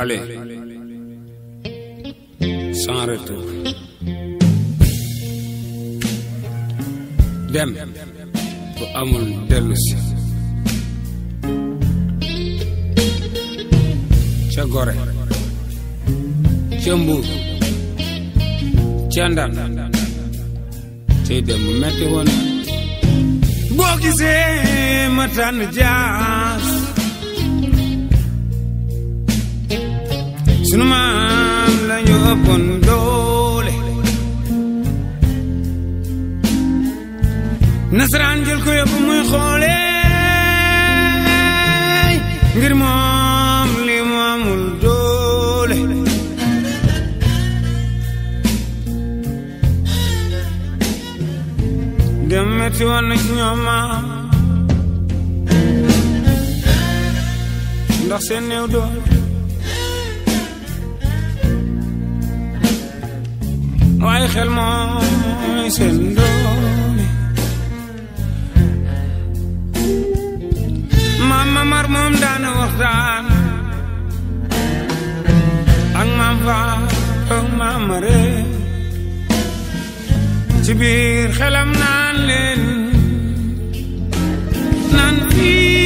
Ale. Sans retour. dem bu amul dellusi ca gore ca mbuur ca ndar tey dem bu metti sunu maam lañu ëppoon doole nasaraan jël ko yëpp muy xoole ngir moom li mu amul doole dem metti woon na ci ñoom maam ndax seen néew doole وای خلمای سندونی ماما مرموم دان وخدان ang mamva ang mamare jibir khalam nan len nan fi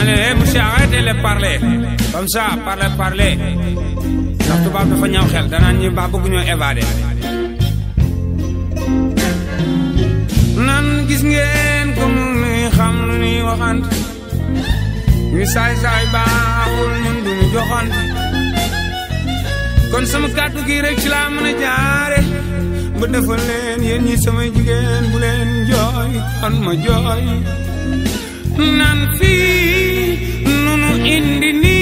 allez eh, monsieur arrêtez de parler comme ça parler parler ndax tubaab dafa ñaaw xel danaan ñi ba bëgg ñoo évader nan gis ngeen ko mu nuy xam lu nuy waxant ñu saay saay baaxul ñun duñu joxant kon sama kàddu gi rek ci defal leen ñi bu leen kon ma jooy nan in the need.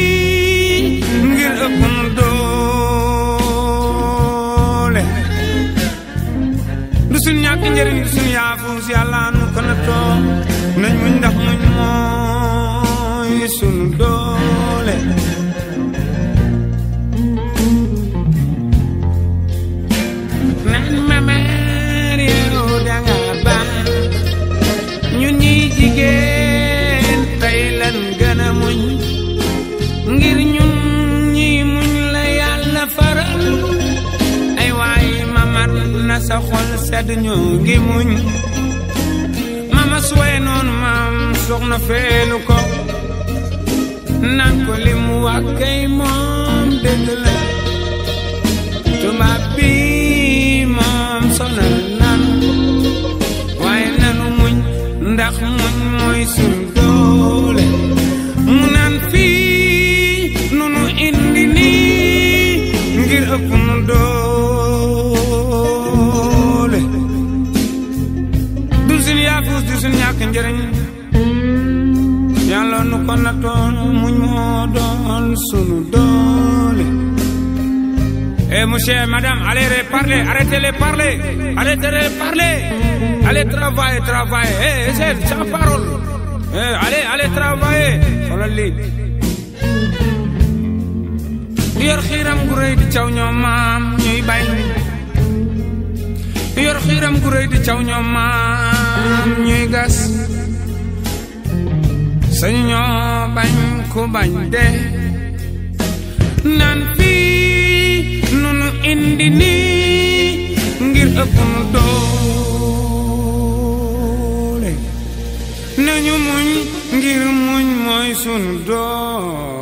dañu ngi muñ mama suwee noonu maam soxna feenu ko nan ko li mu wax kay moom dëgg la tubaab bi moom sonal nan waaye nanu muñ ndax muñ mooy suñ ci suñ ñàkk njëriñ yàlla nu ko nattoon muñ moo doon sunu doole Eh monsieur, madame, allez parler, arrêtez les parler, arrêtez les parler, allez travailler, travailler, eh, hey, eh, sans parole, eh, allez, allez travailler, voilà li. Yor xiram gu rëy di caw ñoom maam ñuy bay, yor xiram gu rëy di caw ñoom maam. ñuy gas sañu ñoo bañ ku bañ de naan fii nu nu indi nii ngir ëpp nu doole nañu ngir muñ mooy sunu doole